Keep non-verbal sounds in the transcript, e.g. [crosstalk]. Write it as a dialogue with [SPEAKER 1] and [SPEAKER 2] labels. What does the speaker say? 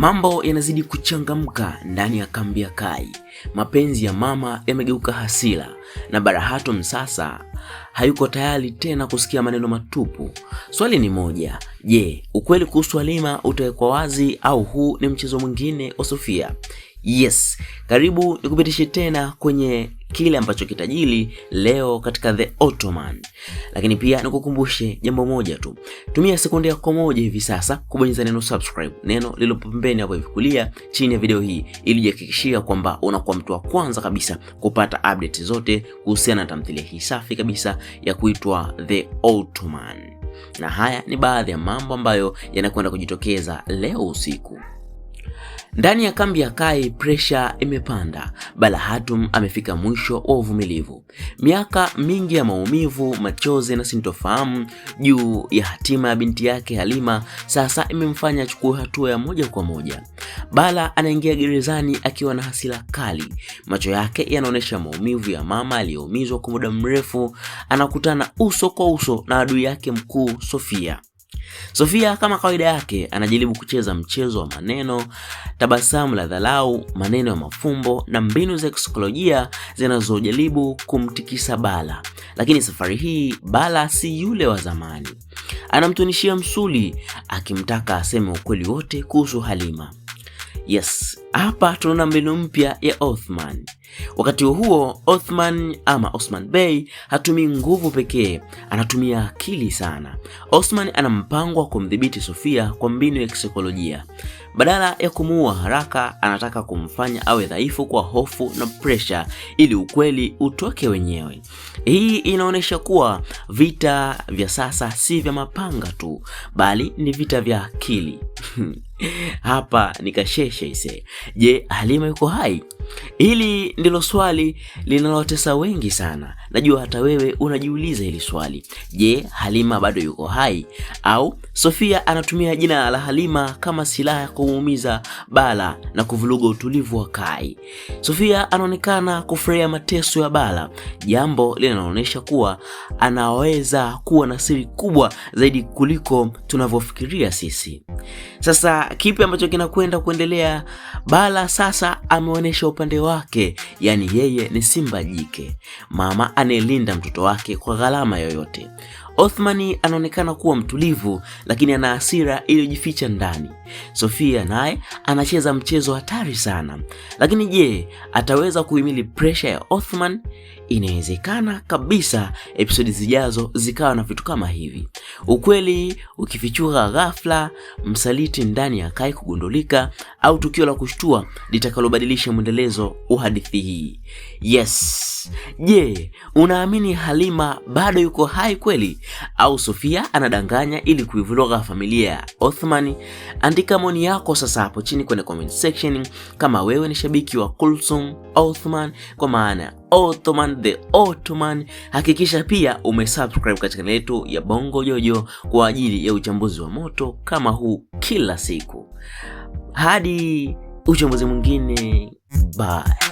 [SPEAKER 1] Mambo yanazidi kuchangamka ndani ya kambi ya Kai. Mapenzi ya mama yamegeuka hasira na barahatum sasa hayuko tayari tena kusikia maneno matupu. Swali ni moja, je, ukweli kuhusu Halima utawekwa wazi au huu ni mchezo mwingine wa Sofia? Yes, karibu nikupitishe tena kwenye kile ambacho kitajili leo katika The Ottoman. Lakini pia nikukumbushe jambo moja tu, tumia sekunde yako moja hivi sasa kubonyeza neno subscribe, neno lililopo pembeni hapo hivi kulia chini ya video hii, ili jihakikishia kwamba unakuwa mtu wa kwanza kabisa kupata update zote kuhusiana na tamthilia hii safi kabisa ya kuitwa The Ottoman. Na haya ni baadhi ya mambo ambayo yanakwenda kujitokeza leo usiku. Ndani ya kambi ya Kai presha imepanda. Balahatum amefika mwisho wa uvumilivu. Miaka mingi ya maumivu, machozi na sintofahamu juu ya hatima ya binti yake Halima sasa imemfanya achukue hatua ya moja kwa moja. Bala anaingia gerezani akiwa na hasira kali, macho yake yanaonyesha maumivu ya mama aliyeumizwa kwa muda mrefu. Anakutana uso kwa uso na adui yake mkuu Sofia. Sofia kama kawaida yake anajaribu kucheza mchezo wa maneno, tabasamu la dharau, maneno ya mafumbo na mbinu za kisaikolojia zinazojaribu kumtikisa Bala. Lakini safari hii Bala si yule wa zamani. Anamtunishia msuli akimtaka aseme ukweli wote kuhusu Halima. Yes, hapa tunaona mbinu mpya ya Othman. Wakati huo Othman ama Osman Bey hatumii nguvu pekee, anatumia akili sana. Osman ana mpango wa kumdhibiti Sofia kwa mbinu ya kisaikolojia. Badala ya kumuua haraka, anataka kumfanya awe dhaifu kwa hofu na presha, ili ukweli utoke wenyewe. Hii inaonyesha kuwa vita vya sasa si vya mapanga tu, bali ni vita vya akili. [laughs] hapa nikasheshe ise. Je, Halima yuko hai? Hili ndilo swali linalotesa wengi sana. Najua hata wewe unajiuliza hili swali. Je, Halima bado yuko hai au Sofia anatumia jina la Halima kama silaha ya kumuumiza Bala na kuvuruga utulivu wa Kai? Sofia anaonekana kufurahia mateso ya Bala, jambo linaloonyesha kuwa anaweza kuwa na siri kubwa zaidi kuliko tunavyofikiria sisi. Sasa kipi ambacho kinakwenda kuendelea? Bala sasa ameonyesha upande wake, yaani yeye ni simba jike, mama anayelinda mtoto wake kwa gharama yoyote. Othmani anaonekana kuwa mtulivu, lakini ana hasira iliyojificha ndani. Sofia naye anacheza mchezo hatari sana, lakini je, ataweza kuhimili presha ya Othman? inawezekana kabisa episodi zijazo zikawa na vitu kama hivi. Ukweli ukifichuka ghafla, msaliti ndani ya Kai kugundulika, au tukio la kushtua litakalobadilisha mwendelezo wa hadithi hii. Yes. Je, unaamini Halima bado yuko hai kweli, au Sofia anadanganya ili kuivulogha familia ya Othman? Andika maoni yako sasa hapo chini kwenye comment section, kama wewe ni shabiki wa Kulsum Othman kwa maana Ottoman the Ottoman. Hakikisha pia umesubscribe katika channel yetu ya Bongo Jojo kwa ajili ya uchambuzi wa moto kama huu kila siku. Hadi uchambuzi mwingine, bye.